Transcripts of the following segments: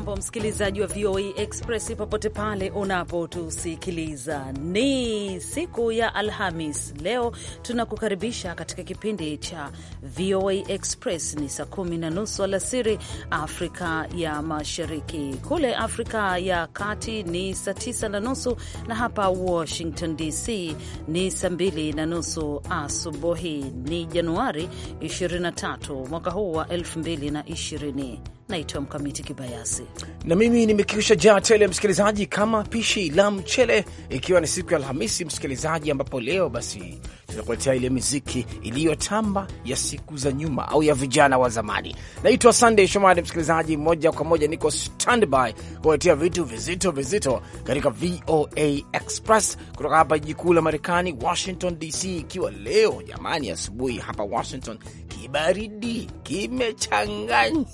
Hujambo msikilizaji wa VOA e Express popote pale unapotusikiliza, ni siku ya Alhamis. Leo tunakukaribisha katika kipindi cha VOA e Express. Ni saa kumi na nusu alasiri Afrika ya Mashariki, kule Afrika ya Kati ni saa tisa na nusu na hapa Washington DC ni saa mbili na nusu asubuhi. Ni Januari 23 mwaka huu wa 220 Naitwa Mkamiti Kibayasi na mimi nimekiusha jaa tele, msikilizaji, kama pishi la mchele, ikiwa ni siku ya Alhamisi msikilizaji, ambapo leo basi tunakuletea ile miziki iliyotamba ya siku za nyuma au ya vijana wa zamani. Naitwa Sunday Shomari, msikilizaji, moja kwa moja niko standby kuletea vitu vizito vizito katika VOA Express kutoka hapa jiji kuu la Marekani, Washington DC, ikiwa leo jamani, asubuhi hapa Washington kibaridi kimechanganya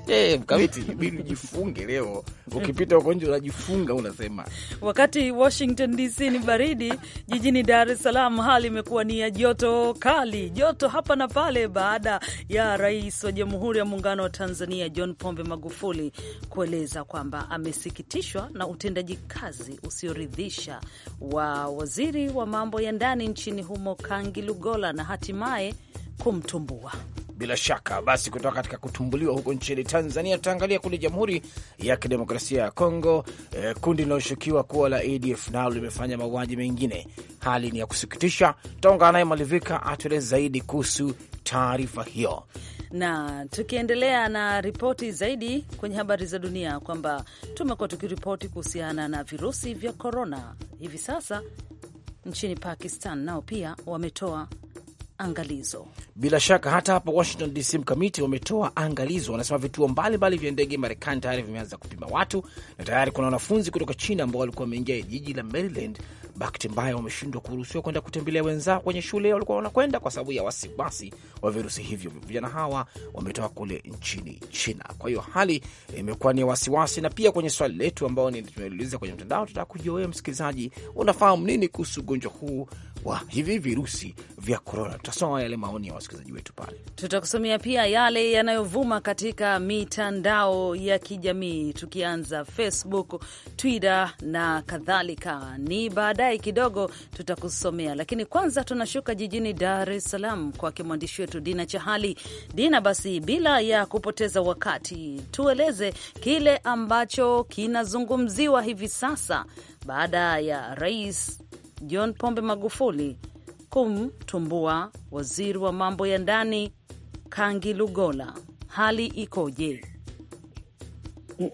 eh, mkamiti bidi ujifunge leo, ukipita huko nje unajifunga, unasema wakati Washington DC ni baridi, jijini Dar es Salaam hali imekuwa ni ya joto kali, joto hapa na pale, baada ya Rais wa Jamhuri ya Muungano wa Tanzania John Pombe Magufuli kueleza kwamba amesikitishwa na utendaji kazi usioridhisha wa waziri wa mambo ya ndani nchini humo Kangi Lugola na hatimaye kumtumbua. Bila shaka basi, kutoka katika kutumbuliwa huko nchini Tanzania, tutaangalia kule Jamhuri ya Kidemokrasia ya Kongo. Eh, kundi linaloshukiwa kuwa la ADF nalo limefanya mauaji mengine. Hali ni ya kusikitisha. Tutaungana naye Malivika atueleze zaidi kuhusu taarifa hiyo, na tukiendelea na ripoti zaidi kwenye habari za dunia kwamba tumekuwa tukiripoti kuhusiana na virusi vya korona. Hivi sasa nchini Pakistan nao pia wametoa angalizo. Bila shaka hata hapa Washington DC mkamiti wametoa angalizo, wanasema vituo mbalimbali vya ndege Marekani tayari vimeanza kupima watu na tayari kuna wanafunzi kutoka China ambao walikuwa wameingia jiji la Maryland. Bahati mbaya wameshindwa kuruhusiwa kwenda kutembelea wenzao kwenye shule walikuwa wanakwenda kwa sababu ya wasiwasi wa virusi hivyo. Vijana hawa wametoka kule nchini China, kwa hiyo hali imekuwa ni wasiwasi. Na pia kwenye swali letu ambao tumeuliza kwenye mtandao, tutaka kujua wewe msikilizaji, unafahamu nini kuhusu ugonjwa huu wa hivi virusi vya korona. Tutasoma yale maoni ya wasikilizaji wetu pale, tutakusomea pia yale yanayovuma katika mitandao ya kijamii, tukianza Facebook, Twitter na kadhalika. Ni baadaye kidogo tutakusomea, lakini kwanza tunashuka jijini Dar es Salaam kwake mwandishi wetu Dina Chahali. Dina, basi bila ya kupoteza wakati, tueleze kile ambacho kinazungumziwa hivi sasa baada ya rais John Pombe Magufuli kumtumbua waziri wa mambo ya ndani Kangi Lugola. Hali ikoje?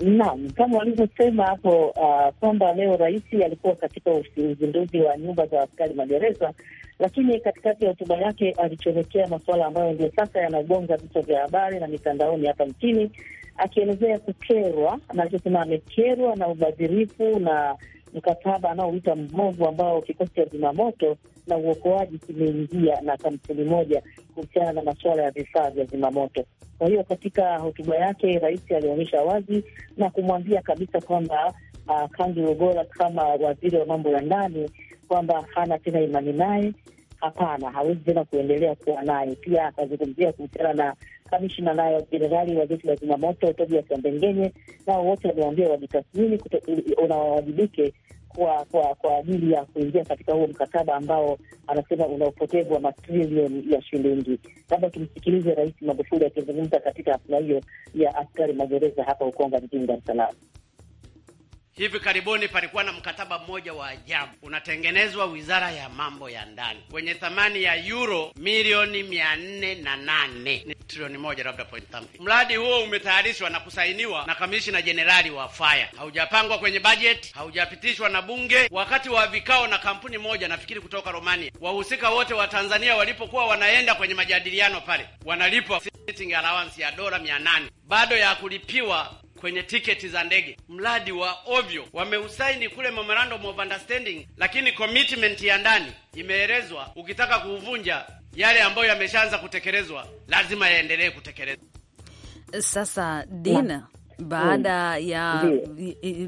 Naam, kama walivyosema hapo uh, kwamba uh, leo rais alikuwa katika uzinduzi wa nyumba za askari magereza, lakini katikati ya hotuba yake alichomekea masuala ambayo ndio sasa yanagonga vichwa vya habari na mitandaoni hapa nchini, akielezea kukerwa, anachosema amekerwa na ubadhirifu na mkataba anaoita mbovu ambao kikosi cha zimamoto na uokoaji kimeingia na kampuni moja kuhusiana na masuala ya vifaa vya zimamoto. Kwa hiyo katika hotuba yake rais alionyesha wazi na kumwambia kabisa kwamba uh, Kangi Lugola kama waziri wa mambo ya ndani kwamba hana tena imani naye, hapana, hawezi tena kuendelea kuwa naye. Pia akazungumzia kuhusiana na kamishina nayo jenerali wa jeshi la zimamoto Tobias Ambengenye, nao wote wameambia wajitathmini, unawajibike kwa kwa kwa ajili ya kuingia katika huo mkataba ambao anasema una upotevu wa matrilioni ya shilingi. Labda tumsikilize Rais Magufuli akizungumza katika hafla hiyo ya askari magereza hapa Ukonga jijini Dar es Salaam. Hivi karibuni palikuwa na mkataba mmoja wa ajabu unatengenezwa wizara ya mambo ya ndani wenye thamani ya euro milioni mia nne na nane ni trilioni moja labda point something. Mradi huo umetayarishwa na kusainiwa na kamishina jenerali wa fire, haujapangwa kwenye bajeti, haujapitishwa na bunge wakati wa vikao na kampuni moja nafikiri kutoka Romania. Wahusika wote wa Tanzania walipokuwa wanaenda kwenye majadiliano pale, wanalipwa sitting allowance ya dola mia nane bado ya kulipiwa kwenye tiketi za ndege. Mradi wa ovyo, wameusaini kule memorandum of understanding, lakini commitment ya ndani imeelezwa, ukitaka kuvunja yale ambayo yameshaanza kutekelezwa lazima yaendelee kutekelezwa. Sasa Dina, baada mm. ya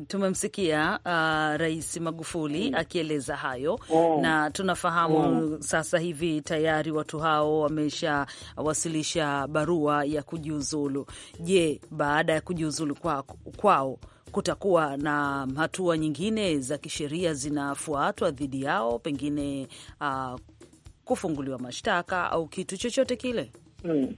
tumemsikia uh, Rais Magufuli mm. akieleza hayo mm. na tunafahamu mm. sasa hivi tayari watu hao wameshawasilisha barua ya kujiuzulu. Je, baada ya kujiuzulu kwao kwa, kutakuwa na hatua nyingine za kisheria zinafuatwa dhidi yao, pengine uh, kufunguliwa mashtaka au kitu chochote kile? mm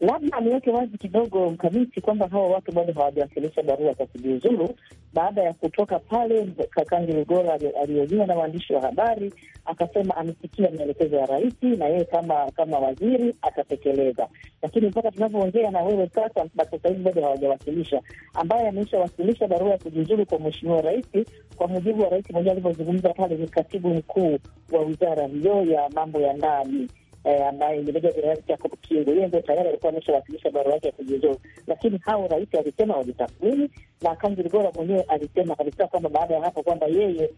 labda aliweke wazi kidogo mkamiti kwamba hawa watu bado hawajawasilisha barua za kujiuzulu. Baada ya kutoka pale, Kakangi Lugora aliyojiwa na waandishi wa habari akasema amesikia maelekezo ya rais na yeye kama kama waziri atatekeleza, lakini mpaka tunavyoongea na wewe sasa, sasa hivi bado hawajawasilisha, ambaye ameshawasilisha barua ya kujiuzulu kwa mheshimiwa rais. Kwa mujibu wa rais mwenyewe alivyozungumza pale, ni katibu mkuu wa wizara hiyo ya mambo ya ndani Eh, ambaye meneja jenerali Jacob Kiengo. yeye ndio tayari alikuwa ameshawasilisha barua yake ya kujiuzulu, lakini hao rais alisema walitathmini, na Kanjiri Ligora mwenyewe alisema kabisa kwamba baada ya hapo kwamba yeye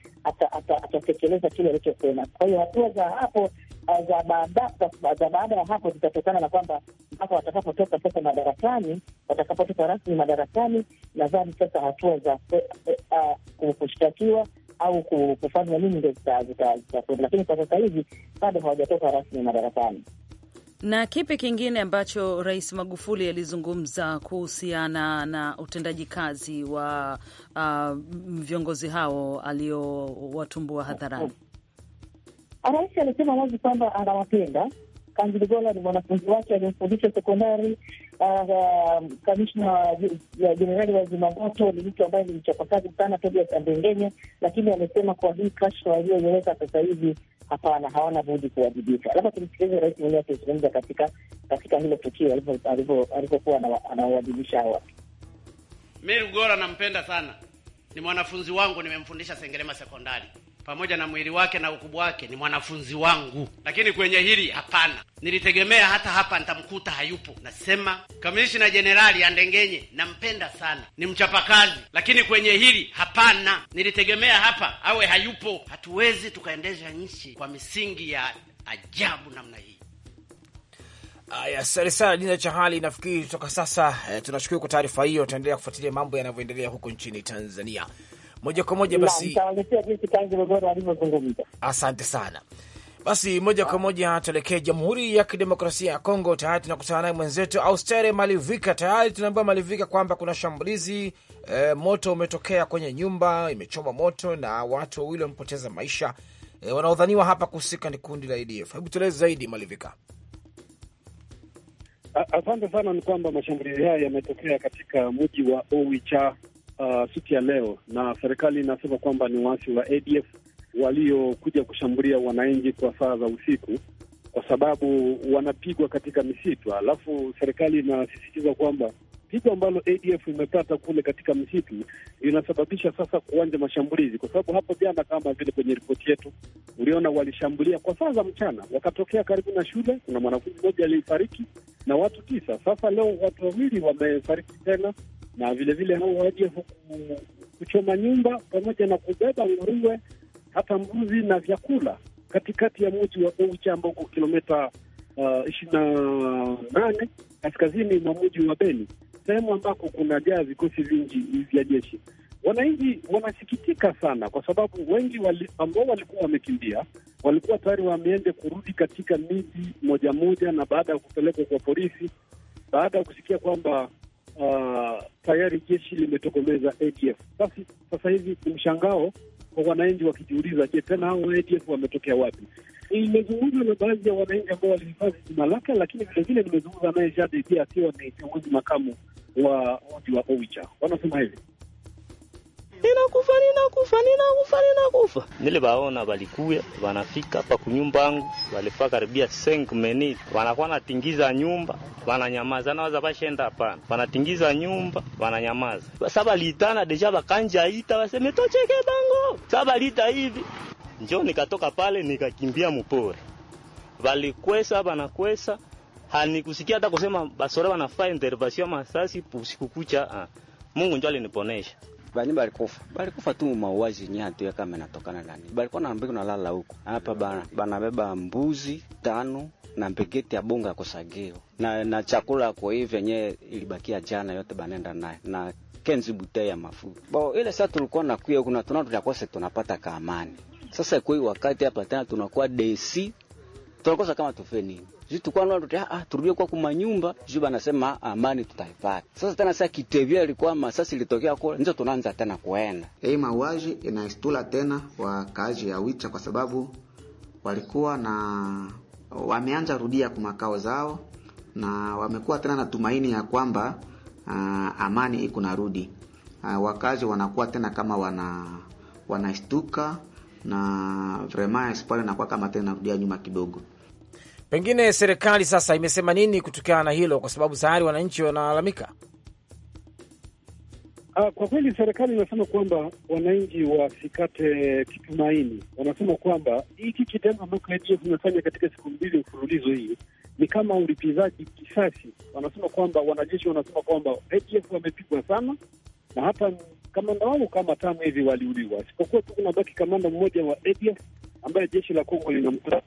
atatekeleza kile alichosema. Kwa hiyo hatua za hapo eh, za baada ya hapo zitatokana na kwamba mpaka watakapotoka sasa madarakani, watakapotoka rasmi madarakani, nadhani sasa hatua za eh, ah, kushtakiwa au kufanya nini ndo zitakwenda, lakini kwa sasa hivi bado hawajatoka rasmi madarakani. Na kipi kingine ambacho Rais Magufuli alizungumza kuhusiana na utendaji kazi wa uh, viongozi hao aliowatumbua hadharani? Rais alisema wazi kwamba anawapenda Kanziligola ni mwanafunzi wake aliyemfundisha sekondari. Uh, um, kamishna ya jenerali wa zimamoto ni mtu ambaye ni mchapakazi sana, Tobias Andengenye, lakini amesema kwa hii kashfa waliyoeleza sasa hivi, hapana, hawana budi kuwajibika. Labda tumsikilize rais mwenyewe akizungumza katika katika hilo tukio alivyokuwa anawajibisha hawa. Mi Lugola nampenda sana, ni mwanafunzi wangu, nimemfundisha Sengerema sekondari pamoja na mwili wake na ukubwa wake ni mwanafunzi wangu, lakini kwenye hili hapana. Nilitegemea hata hapa nitamkuta, hayupo. Nasema kamishina jenerali Andengenye nampenda sana, ni mchapakazi, lakini kwenye hili hapana. Nilitegemea hapa awe hayupo. Hatuwezi tukaendesha nchi kwa misingi ya ajabu namna hii. Aya, asante sana Dina Chahali. Nafikiri toka sasa eh, tunashukuru kwa taarifa hiyo. Tutaendelea kufuatilia mambo yanavyoendelea huko nchini Tanzania moja kwa moja basi. Asante sana. Basi moja kwa moja tuelekee Jamhuri ya Kidemokrasia ya Kongo. Tayari tunakutana naye mwenzetu Austere Malivika. Tayari tunaambiwa Malivika kwamba kuna shambulizi e, moto umetokea kwenye nyumba, imechoma moto na watu wawili wamepoteza maisha. E, wanaodhaniwa hapa kuhusika ni kundi la ADF. Hebu tueleze zaidi Malivika. Asante sana. Ni kwamba mashambulizi haya yametokea katika mji wa Owicha uh, siku ya leo, na serikali inasema kwamba ni waasi wa ADF waliokuja kushambulia wananchi kwa saa za usiku, kwa sababu wanapigwa katika misitu. Alafu serikali inasisitiza kwamba pigo ambalo ADF imepata kule katika msitu linasababisha sasa kuanja mashambulizi, kwa sababu hapo jana, kama vile kwenye ripoti yetu uliona, walishambulia kwa saa za mchana, wakatokea karibu na shule. Kuna mwanafunzi mmoja aliyefariki na watu tisa. Sasa leo watu wawili wamefariki tena, na vilevile hao waje kuchoma nyumba pamoja na kubeba nguruwe, hata mbuzi na vyakula katikati ya mji wa Oicha ambao uko kilomita uh, ishirini na nane kaskazini mwa mji wa Beni, sehemu ambako kunajaa vikosi vingi vya jeshi. Wananchi wanasikitika sana kwa sababu wengi wali, ambao walikuwa wamekimbia walikuwa tayari wameende kurudi katika miji moja moja, na baada ya kupelekwa kwa polisi, baada ya kusikia kwamba uh, tayari jeshi limetokomeza ADF. Basi sasa hivi ni mshangao kwa wananchi wakijiuliza, je, tena hao ADF wametokea wapi? imezungumza na baadhi ya wananchi ambao walihifadhi jina lake, lakini vilevile nimezungumza naye Jade pia akiwa ni kiongozi makamu wa mji wa Oicha, wanasema hivi ninakufa ninakufa ninakufa ninakufa. Nilibaona balikuya wanafika hapa kunyumba yangu, balifika karibia 5 minutes, wanakuwa natingiza nyumba, wananyamaza nawaza bashenda hapana, wanatingiza nyumba, wananyamaza sasa. Balitana deja bakanja ita waseme tocheke bango saba lita hivi, njo nikatoka pale nikakimbia mupori, balikwesa banakwesa hanikusikia hata kusema basore wanafaa intervention masasi usiku kucha. Ah. Mungu njo aliniponesha bani balikufa balikufa tu mauaji yenyewe ya kama inatokana nani, balikuwa na mbegu na lala huko hapa bana banabeba mbuzi tano na mbegeti ya bunga kusagio na, na chakula kwa hivyo nye ilibakia jana yote banenda naye na kenzi butei ya mafuta bo ile saa tulikuwa nakuya huku na tunaona tunapata kaamani sasa, kwa wakati hapa tena tunakuwa desi tunakosa kama tufe nini juu tukuwa nao tutia ah, turudie kwa kuma nyumba juu banasema ah, amani tutaipata sasa. Tena sasa kitevia ilikuwa masasi ilitokea kule ndio tunaanza tena kuenda. Hii mauaji inaistula tena kazi ya Wicha kwa sababu walikuwa na wameanza rudia kwa makao zao na wamekuwa tena na tumaini ya kwamba uh, amani iko narudi. Uh, wakazi wanakuwa tena kama wana wanashtuka na vraiment Espoir inakuwa kama tena inarudia nyuma kidogo. Pengine serikali sasa imesema nini kutokana na hilo, kwa sababu tayari wananchi wanalalamika. Ah, kwa kweli serikali inasema kwamba wananchi wasikate kitumaini. Wanasema kwamba hiki kitendo ambacho ADF imefanya katika siku mbili mfululizo hii ni kama ulipizaji kisasi. Wanasema kwamba wanajeshi wanasema kwamba ADF wamepigwa sana, na hata kamanda wao kama tano hivi waliuliwa, isipokuwa tu kunabaki kamanda mmoja wa ADF ambaye jeshi la Kongo linamtaka.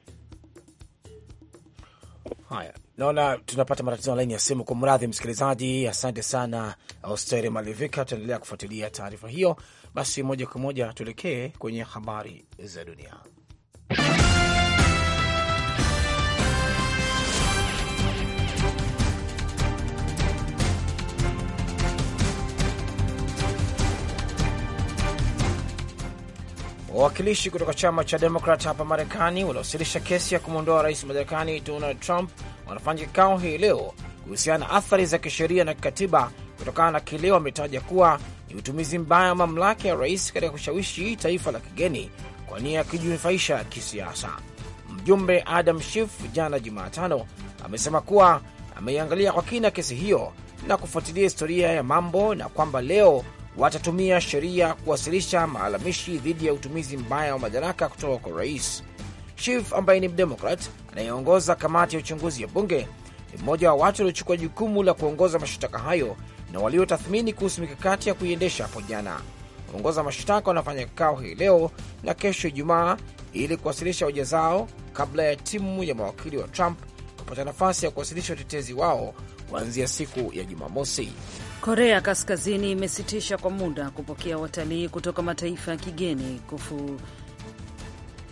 Haya, naona tunapata matatizo ya laini ya simu. Kwa mradhi msikilizaji, asante sana Austeri Malivika, tutaendelea kufuatilia taarifa hiyo. Basi moja kwa moja tuelekee kwenye habari za dunia. Wawakilishi kutoka chama cha Demokrat hapa Marekani waliowasilisha kesi ya kumwondoa rais madarakani Donald Trump wanafanya kikao hii leo kuhusiana na athari za kisheria na kikatiba kutokana na kile wametaja kuwa ni utumizi mbaya wa mamlaka ya rais katika kushawishi taifa la kigeni kwa nia ya kujinufaisha kisiasa. Mjumbe Adam Schiff jana Jumatano amesema kuwa ameiangalia kwa kina kesi hiyo na kufuatilia historia ya mambo na kwamba leo watatumia sheria kuwasilisha maalamishi dhidi ya utumizi mbaya wa madaraka kutoka kwa rais. Schiff ambaye ni mdemokrat anayeongoza kamati ya uchunguzi ya bunge ni mmoja wa watu waliochukua jukumu la kuongoza mashtaka hayo na waliotathmini kuhusu mikakati ya kuiendesha hapo jana. Waongoza mashtaka wanafanya kikao hii leo na kesho Ijumaa ili kuwasilisha hoja zao kabla ya timu ya mawakili wa Trump kupata nafasi ya kuwasilisha utetezi wao kuanzia siku ya Jumamosi. Korea Kaskazini imesitisha kwa muda kupokea watalii kutoka mataifa ya kigeni kufu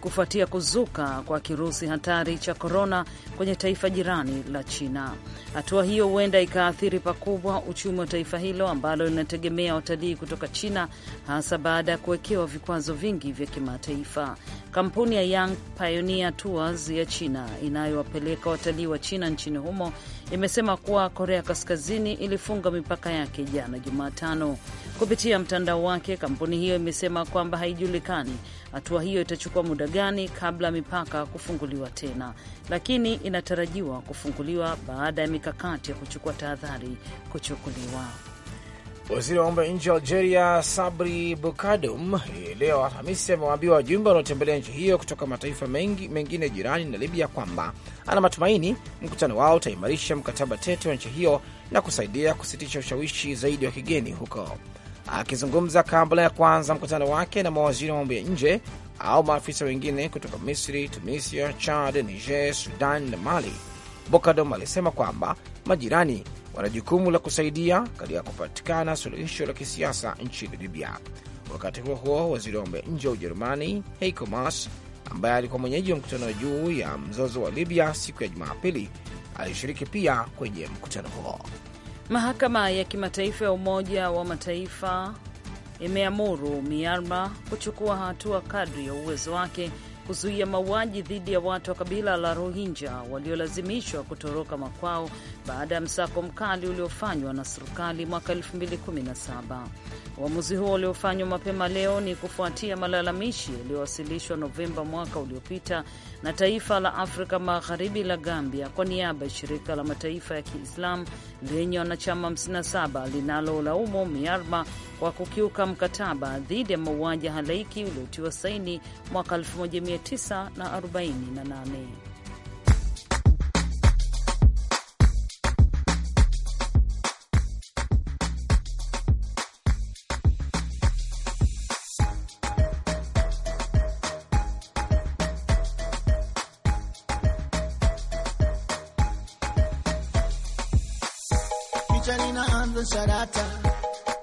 kufuatia kuzuka kwa kirusi hatari cha korona kwenye taifa jirani la China. Hatua hiyo huenda ikaathiri pakubwa uchumi wa taifa hilo ambalo linategemea watalii kutoka China, hasa baada ya kuwekewa vikwazo vingi vya kimataifa. Kampuni ya Young Pioneer Tours ya China inayowapeleka watalii wa China nchini humo imesema kuwa Korea Kaskazini ilifunga mipaka yake jana Jumatano. Kupitia mtandao wake, kampuni hiyo imesema kwamba haijulikani Hatua hiyo itachukua muda gani kabla mipaka kufunguliwa tena, lakini inatarajiwa kufunguliwa baada ya mikakati ya kuchukua tahadhari kuchukuliwa. Waziri wa mambo ya nje wa Algeria Sabri Bukadum leo Alhamisi amewaambia wajumbe wanaotembelea nchi hiyo kutoka mataifa mengi mengine jirani na Libya kwamba ana matumaini mkutano wao utaimarisha mkataba tete wa nchi hiyo na kusaidia kusitisha ushawishi zaidi wa kigeni huko akizungumza kabla ya kwanza mkutano wake na mawaziri wa mambo ya nje au maafisa wengine kutoka Misri, Tunisia, Chad, Niger, Sudan na Mali. Bokadom alisema kwamba majirani wana jukumu la kusaidia katika kupatikana suluhisho la kisiasa nchini Libya. Wakati huo huo, waziri wa mambo ya nje wa Ujerumani Heiko Maas, ambaye alikuwa mwenyeji wa mkutano juu ya mzozo wa Libya siku ya Jumapili, alishiriki pia kwenye mkutano huo. Mahakama ya Kimataifa ya Umoja wa Mataifa imeamuru Myanmar kuchukua hatua kadri ya uwezo wake kuzuia mauaji dhidi ya watu wa kabila la Rohingya waliolazimishwa kutoroka makwao baada ya msako mkali uliofanywa na serikali mwaka 2017. Uamuzi huo uliofanywa mapema leo ni kufuatia malalamishi yaliyowasilishwa Novemba mwaka uliopita na taifa la Afrika Magharibi la Gambia kwa niaba ya shirika la mataifa ya Kiislamu lenye wanachama 57 linalolaumu Myanmar wa kukiuka mkataba dhidi ya mauaji halaiki uliotiwa saini mwaka 1948. Picha linaanza sharata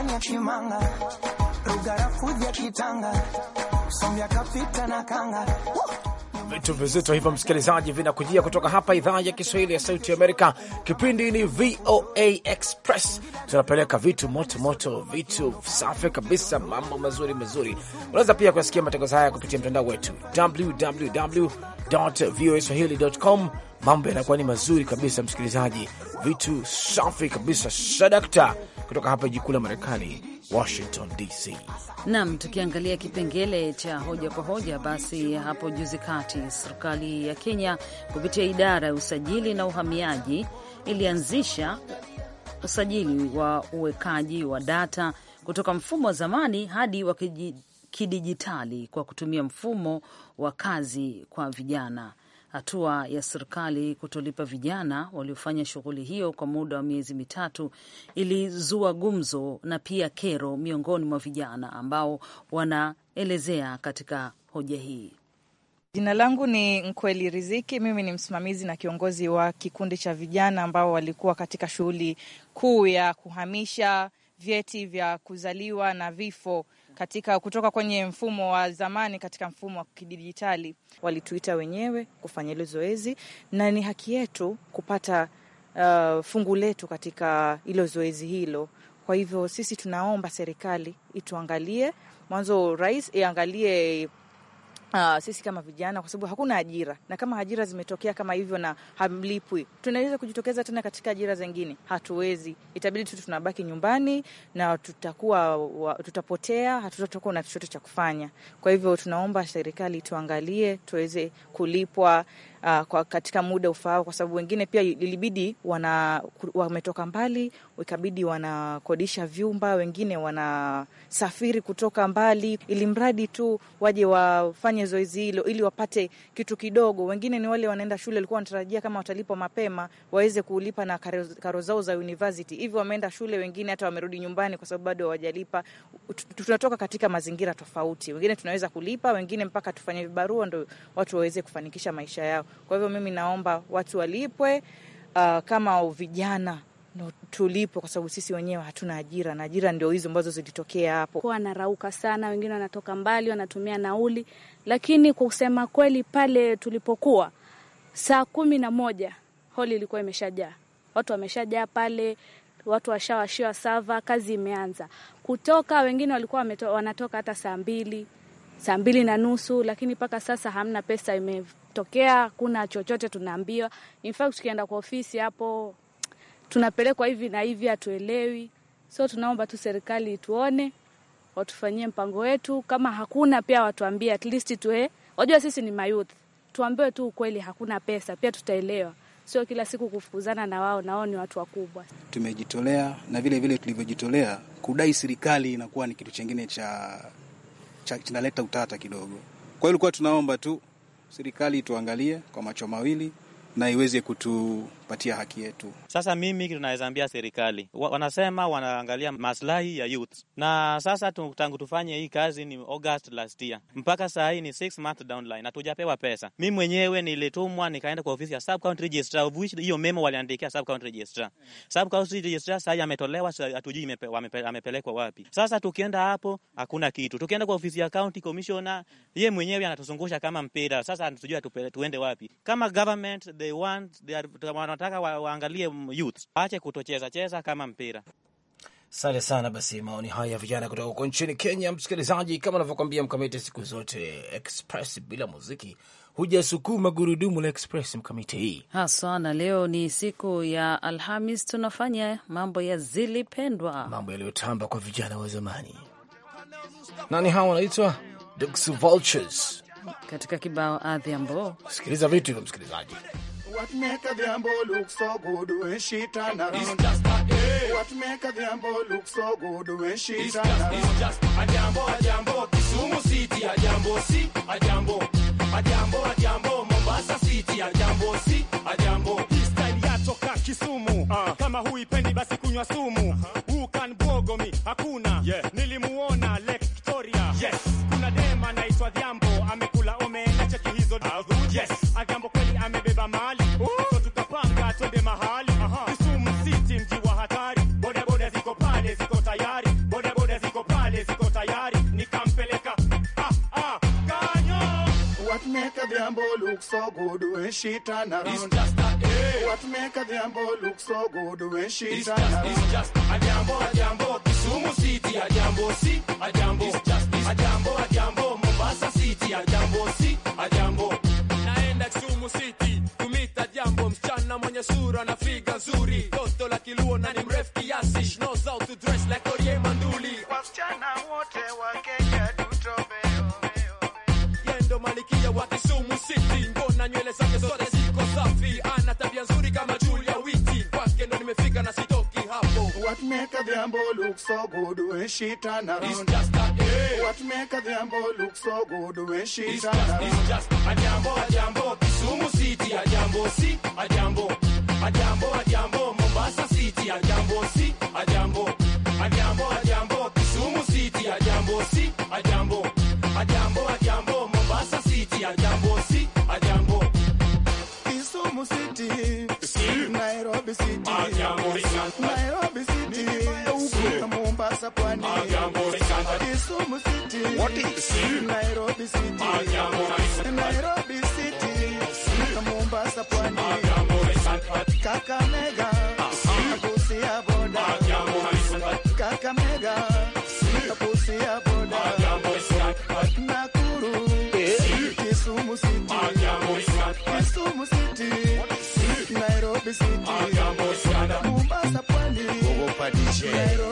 kanya kimanga rugara ya kitanga somya kapita na kanga vitu vizito hivyo, msikilizaji, vinakujia kutoka hapa idhaa ya Kiswahili ya Sauti Amerika. Kipindi ni VOA Express, tunapeleka vitu moto moto, vitu safi kabisa, mambo mazuri mazuri. Unaweza pia kusikia matangazo haya kupitia mtandao wetu www.voaswahili.com. Mambo yanakuwa ni mazuri kabisa, msikilizaji, vitu safi kabisa. Sadakta kutoka hapa kuu la Marekani, Washington DC. Nam, tukiangalia kipengele cha hoja kwa hoja, basi hapo juzi kati serikali ya Kenya kupitia idara ya usajili na uhamiaji ilianzisha usajili wa uwekaji wa data kutoka mfumo wa zamani hadi wa kidijitali kwa kutumia mfumo wa kazi kwa vijana hatua ya serikali kutolipa vijana waliofanya shughuli hiyo kwa muda wa miezi mitatu ilizua gumzo na pia kero miongoni mwa vijana ambao wanaelezea katika hoja hii. Jina langu ni Nkweli Riziki. Mimi ni msimamizi na kiongozi wa kikundi cha vijana ambao walikuwa katika shughuli kuu ya kuhamisha vyeti vya kuzaliwa na vifo katika kutoka kwenye mfumo wa zamani katika mfumo wa kidijitali. Walituita wenyewe kufanya hilo zoezi, na ni haki yetu kupata uh, fungu letu katika hilo zoezi hilo. Kwa hivyo sisi tunaomba serikali ituangalie mwanzo, rais iangalie Uh, sisi kama vijana kwa sababu hakuna ajira na kama ajira zimetokea kama hivyo na hamlipwi, tunaweza kujitokeza tena katika ajira zingine? Hatuwezi, itabidi tu tunabaki nyumbani na tutakuwa wa, tutapotea, hatutakuwa na chochote cha kufanya. Kwa hivyo tunaomba serikali tuangalie tuweze kulipwa uh, kwa katika muda ufaao, kwa sababu wengine pia ilibidi wana wametoka mbali, ikabidi wanakodisha vyumba, wengine wanasafiri kutoka mbali, ili mradi tu waje wafanye zoezi hilo ili wapate kitu kidogo. Wengine ni wale wanaenda shule, walikuwa wanatarajia kama watalipwa mapema waweze kulipa na karo, karo zao za university, hivyo wameenda shule, wengine hata wamerudi nyumbani kwa sababu bado hawajalipa. Tunatoka katika mazingira tofauti, wengine tunaweza kulipa, wengine mpaka tufanye vibarua ndo watu waweze kufanikisha maisha yao. Kwa hivyo mimi naomba watu walipwe, uh, kama vijana No, tulipo kwa sababu sisi wenyewe hatuna ajira na ajira ndio hizo ambazo zilitokea hapo. Wanarauka sana, wengine wanatoka mbali, wanatumia nauli, lakini kwa kusema kweli, pale tulipokuwa saa kumi na moja holi ilikuwa imeshajaa, watu wameshajaa pale, watu washawashiwa sava, kazi imeanza kutoka. Wengine walikuwa wanatoka hata saa mbili saa mbili na nusu, lakini mpaka sasa hamna pesa imetokea, kuna chochote tunaambiwa. In fact tukienda kwa ofisi hapo tunapelekwa hivi na hivi, hatuelewi. So tunaomba tu serikali ituone, watufanyie mpango wetu. Kama hakuna pia watuambie, at least tuwe, wajua sisi ni mayouth, tuambiwe tu ukweli, hakuna pesa, pia tutaelewa Sio kila siku kufukuzana na wao, na wao ni watu wakubwa. Tumejitolea na vile vile tulivyojitolea kudai serikali inakuwa ni kitu chengine cha kinaleta utata kidogo. Kwa hiyo ilikuwa tunaomba tu serikali ituangalie kwa macho mawili na iweze kutu kutupatia haki yetu. Sasa mimi tunaweza ambia serikali wanasema wanaangalia maslahi ya youth, na sasa tangu tufanye hii kazi ni August last year mpaka saa hii ni six month downline, hatujapewa pesa. Mi mwenyewe nilitumwa nikaenda kwa ofisi ya sub county registrar, of which hiyo memo waliandikia sub county registrar. Sub county registrar saa hii ametolewa, hatujui amepelekwa wapi. Sasa tukienda hapo hakuna kitu, tukienda kwa ofisi ya county commissioner, ye mwenyewe anatuzungusha kama mpira. Sasa hatujui tuende wapi kama government they want they are wanataka wa, waangalie youth waache kutocheza cheza kama mpira. Asante sana. Basi maoni haya ya vijana kutoka huko nchini Kenya. Msikilizaji, kama anavyokwambia Mkamiti, siku zote express bila muziki hujasukuma gurudumu la express Mkamiti hii haswa. Na leo ni siku ya Alhamis, tunafanya mambo ya zilipendwa, mambo yaliyotamba kwa vijana wa zamani. Nani hawa? Wanaitwa Duksu Vultures katika kibao adhi ambo, sikiliza vitu hivyo msikilizaji. What make a gamble look so good when she turn around? It's just a day. What make a gamble look so good when she it's turn just, around? It's just a gamble, a gamble. Kisumu City, a gamble. See, si, a gamble. a gamble, a gamble. Mombasa City, a gamble. See, si, a gamble. This time ya yatoka Kisumu, uh. kama hui pendi basi kunywa sumu. Uh-huh. Who can bogo me? Hakuna. Yeah. Nilimuona Lake Victoria. Yes. Kuna dema anaitwa Jambo, amekula omena cheki hizo. Uh, -huh. yes. A gamble look so good when she turn around. It's just a hey. What make a jambo look so good when she it's turn just, around? It's just a jambo, a jambo, Kisumu City, a jambo, si, a jambo. It's just it's a jambo, a jambo, Mombasa City, a jambo, si, a jambo. Naenda Kisumu City kumita jambo, mchana mwenye sura na figa nzuri, toto la kiluo na ni mrefu kiasi, she knows how to dress like Orie Manduli. Wasichana wote wa Kenya What make a Dambo look so good when she turn around? It's just a day. What make a Dambo look so good when she it's turn just, around? It's just a Dambo, a Dambo, Sumo City, a Jambo, si, a Dambo, a Dambo, a Dambo, Mombasa City, a Jambo, si, a Dambo, a Dambo, a Dambo, Sumo City, a Jambo, si, a Dambo, a Dambo, a Dambo, Mombasa City, a Jambo, si, a Dambo. Sumo City, si. Nairobi City, a Jambo, Nairobi. What is City? Nairobi City. Nairobi City. Mombasa Pwani. Kakamega. Busia Boda. Kakamega. Busia Boda. Nakuru. Kisumu City. Kisumu City. Nairobi City. Mombasa Pwani. Nairobi city.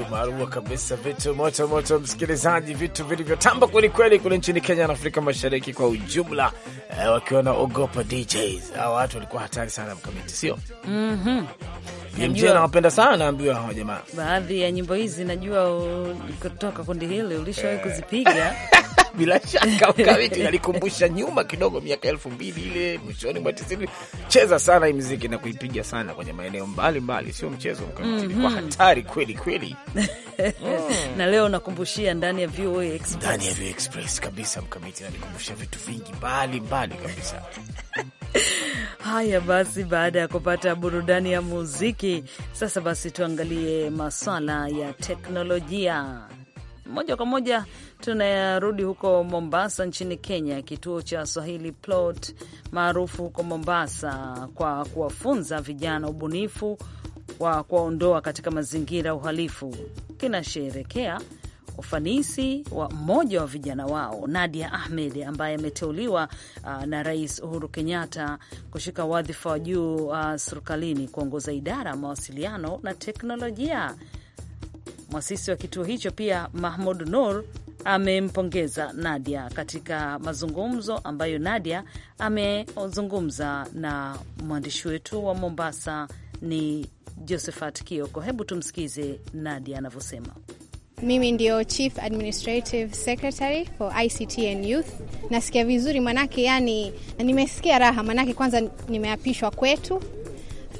vitu maarufu kabisa, vitu moto moto, msikilizaji, vitu vilivyotamba kwelikweli kule nchini Kenya na Afrika Mashariki kwa ujumla, eh, wakiwa na ogopa DJs. hao, watu walikuwa hatari sana, mkamiti sio? mm -hmm. sana, naambiwa hawa jamaa. Baadhi ya nyimbo hizi najua kutoka kundi hili ulishawahi eh. kuzipiga bila shaka Mkamiti nalikumbusha nyuma kidogo, miaka elfu mbili ile mwishoni mwa tisini. Cheza sana hii mziki na kuipiga sana kwenye maeneo mbalimbali, sio mchezo mm -hmm. Kwa mhm. hatari kweli kweli. na leo nakumbushia ndani ya VOA Express, ndani ya VOA Express kabisa, Mkamiti nalikumbusha vitu vingi mbalimbali kabisa. Haya basi, baada ya kupata burudani ya muziki, sasa basi tuangalie maswala ya teknolojia. Moja kwa moja tunarudi huko Mombasa nchini Kenya, kituo cha Swahili Plot maarufu huko Mombasa kwa kuwafunza vijana ubunifu wa kuwaondoa katika mazingira ya uhalifu kinasherekea ufanisi wa mmoja wa vijana wao Nadia Ahmed ambaye ameteuliwa uh, na Rais Uhuru Kenyatta kushika wadhifa wa juu uh, serikalini kuongoza idara ya mawasiliano na teknolojia. Mwasisi wa kituo hicho pia Mahmud Nur amempongeza Nadia katika mazungumzo ambayo Nadia amezungumza na mwandishi wetu wa Mombasa ni Josephat Kioko. Hebu tumsikize Nadia anavyosema. Mimi ndio Chief Administrative Secretary for ICT and Youth. Nasikia vizuri manake, yani nimesikia raha manake, kwanza nimeapishwa kwetu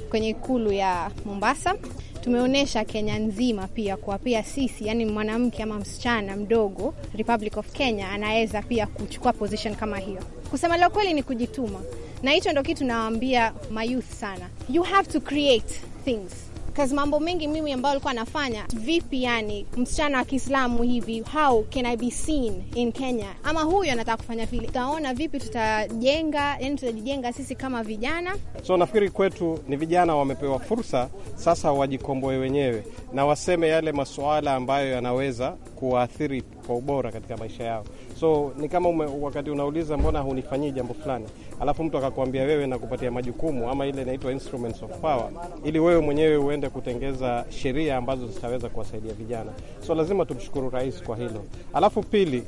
kwenye ikulu ya Mombasa tumeonyesha Kenya nzima pia kwa pia sisi, yani mwanamke ama msichana mdogo Republic of Kenya anaweza pia kuchukua position kama hiyo. Kusema la kweli ni kujituma, na hicho ndo kitu nawaambia mayouth sana, you have to create things kazi mambo mengi mimi ambayo alikuwa anafanya vipi, yani msichana wa Kiislamu hivi, how can I be seen in Kenya, ama huyu anataka kufanya vile, tutaona vipi, tutajenga yani tutajijenga sisi kama vijana. So nafikiri kwetu ni vijana wamepewa fursa sasa, wajikomboe wenyewe na waseme yale masuala ambayo yanaweza kuwaathiri kwa ubora katika maisha yao. So ni kama ume, wakati unauliza mbona hunifanyii jambo fulani, alafu mtu akakwambia wewe na kupatia majukumu ama ile inaitwa instruments of power, ili wewe mwenyewe uende kutengeza sheria ambazo zitaweza kuwasaidia vijana. So lazima tumshukuru rais kwa hilo. Alafu pili,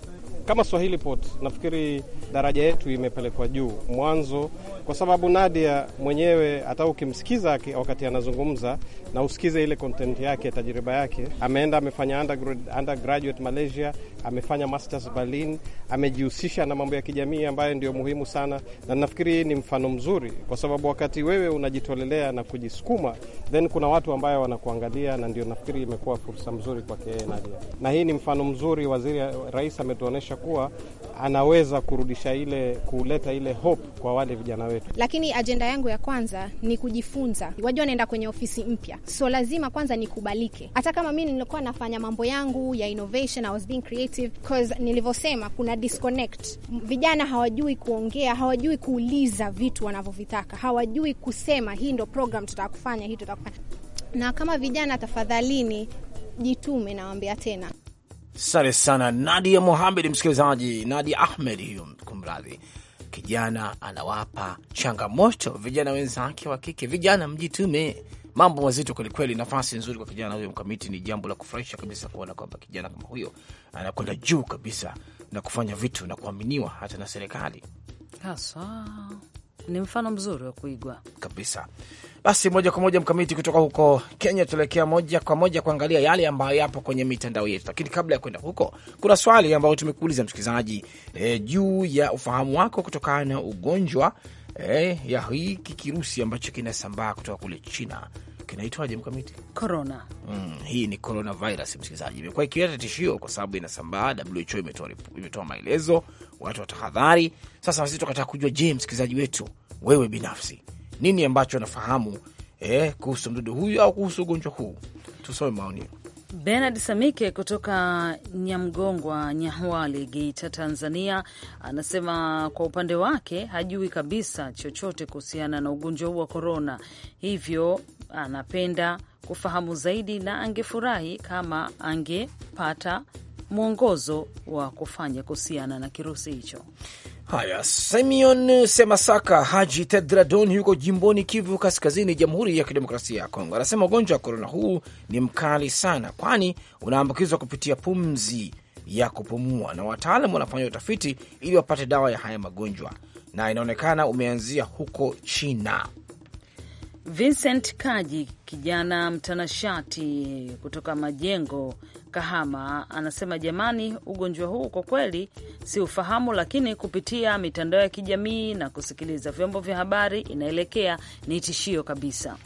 kama Swahili Port, nafikiri daraja yetu imepelekwa juu mwanzo kwa sababu Nadia mwenyewe hata ukimsikiza wakati anazungumza na usikize ile content yake, tajriba yake, ameenda amefanya undergraduate Malaysia, amefanya masters Berlin, amejihusisha na mambo ya kijamii ambayo ndio muhimu sana, na nafikiri hii ni mfano mzuri, kwa sababu wakati wewe unajitolelea na kujisukuma, then kuna watu ambayo wanakuangalia, na ndio nafikiri imekuwa fursa mzuri kwake yeye Nadia, na hii ni mfano mzuri. Waziri Rais ametuonyesha kuwa anaweza kurudisha ile, kuleta ile hope kwa wale vijana wetu wetu. Lakini ajenda yangu ya kwanza ni kujifunza. Wajua, naenda kwenye ofisi mpya, so lazima kwanza nikubalike. Hata kama mi nilikuwa nafanya mambo yangu ya innovation, I was being creative because nilivyosema, kuna disconnect. Vijana hawajui kuongea, hawajui kuuliza vitu wanavyovitaka, hawajui kusema hii ndo program tutaka kufanya, hii tutaka kufanya. Na kama vijana, tafadhalini jitume, nawambia tena. sante sana Nadia Mohamed, msikilizaji Nadia Ahmed, hiyo kumradhi kijana anawapa changamoto vijana wenzake wa kike. Vijana mjitume, mambo mazito kwelikweli. Nafasi nzuri kwa kijana huyo Mkamiti, ni jambo la kufurahisha kabisa kuona kwamba kijana kama huyo anakwenda juu kabisa na kufanya vitu na kuaminiwa hata na serikali haswa. Ni mfano mzuri wa kuigwa kabisa. Basi moja kwa moja mkamiti kutoka huko Kenya, tuelekea moja kwa moja kuangalia yale ambayo yapo kwenye mitandao yetu, lakini kabla ya kwenda huko, kuna swali ambayo tumekuuliza msikilizaji e, juu ya ufahamu wako kutokana na ugonjwa e, ya hiki kirusi ambacho kinasambaa kutoka kule China kinaitwaje mkamiti corona. Mm, hii ni coronavirus msikilizaji, imekuwa ikileta tishio kwa sababu inasambaa. WHO imetoa imetoa maelezo, watu wa tahadhari. Sasa sisi tukataka kujua, je, msikilizaji wetu wewe binafsi nini ambacho unafahamu eh, kuhusu mdudu huyu au kuhusu ugonjwa huu? Tusome maoni Benard Samike kutoka Nyamgongwa, Nyahwale, Geita, Tanzania, anasema kwa upande wake hajui kabisa chochote kuhusiana na ugonjwa huu wa korona, hivyo anapenda kufahamu zaidi na angefurahi kama angepata mwongozo wa kufanya kuhusiana na kirusi hicho. Haya, Simeon Semasaka Haji Tedradon yuko jimboni Kivu Kaskazini, Jamhuri ya Kidemokrasia ya Kongo, anasema ugonjwa wa korona huu ni mkali sana, kwani unaambukizwa kupitia pumzi ya kupumua, na wataalam wanafanya utafiti ili wapate dawa ya haya magonjwa, na inaonekana umeanzia huko China. Vincent Kaji kijana mtanashati kutoka Majengo Kahama anasema jamani, ugonjwa huu kwa kweli si ufahamu, lakini kupitia mitandao ya kijamii na kusikiliza vyombo vya habari inaelekea ni tishio kabisa.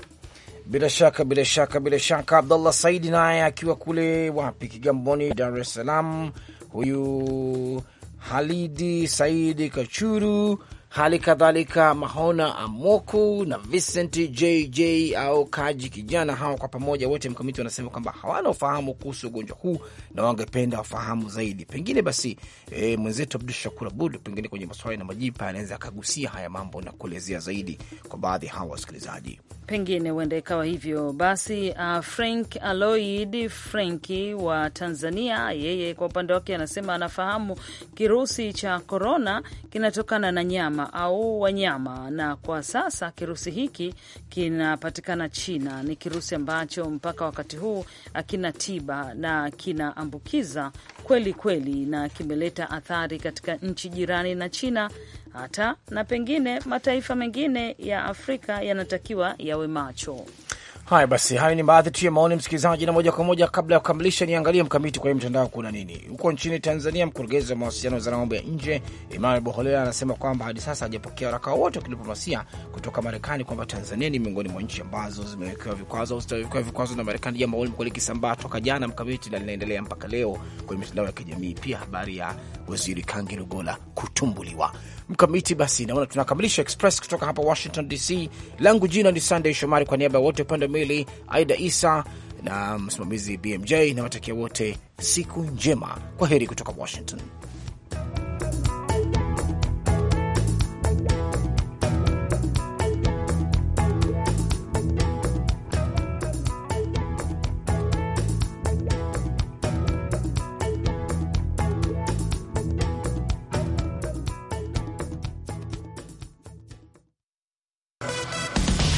Bila shaka, bila shaka, bila shaka. abdullah Saidi naye akiwa kule wapi, Kigamboni, Dar es Salaam. Huyu Halidi Saidi Kachuru hali kadhalika Mahona Amoku na Vincent JJ au Kaji kijana, hawa kwa pamoja wote mkamiti wanasema kwamba hawana ufahamu kuhusu ugonjwa huu na wangependa wafahamu zaidi. Pengine basi e, mwenzetu Abdu Shakur Abud pengine kwenye maswali na majipa anaweza akagusia haya mambo na kuelezea zaidi kwa baadhi ya hawa wasikilizaji, pengine huenda ikawa hivyo. Basi uh, Frank Aloid Franki wa Tanzania, yeye kwa upande wake anasema anafahamu kirusi cha korona kinatokana na nyama wanyama au wanyama, na kwa sasa kirusi hiki kinapatikana China. Ni kirusi ambacho mpaka wakati huu akina tiba na kinaambukiza kweli kweli, na kimeleta athari katika nchi jirani na China hata na pengine mataifa mengine ya Afrika yanatakiwa yawe macho. Haya basi, hayo ni baadhi tu ya maoni msikilizaji, na moja kwa moja kabla ya kukamilisha, niangalie mkamiti kwa hii mtandao kuna nini huko nchini Tanzania. Mkurugenzi wa mawasiliano wizara ya mambo ya nje Emmanuel Boholela anasema kwamba hadi sasa hajapokea waraka wote wa kidiplomasia kutoka Marekani kwamba Tanzania ni miongoni mwa nchi ambazo zimewekewa vikwazo au zitawekewa vikwazo na Marekani, jambo ambalo limekuwa likisambaa toka jana mkamiti, na linaendelea mpaka leo kwenye mitandao ya kijamii. Pia habari ya waziri Kangi Lugola kutumbuliwa Mkamiti, basi naona tunakamilisha Express kutoka hapa Washington DC. Langu jina ni sandey Shomari, kwa niaba ya wote upande mili, Aida Isa na msimamizi BMJ, nawatakia wote siku njema. Kwa heri kutoka Washington.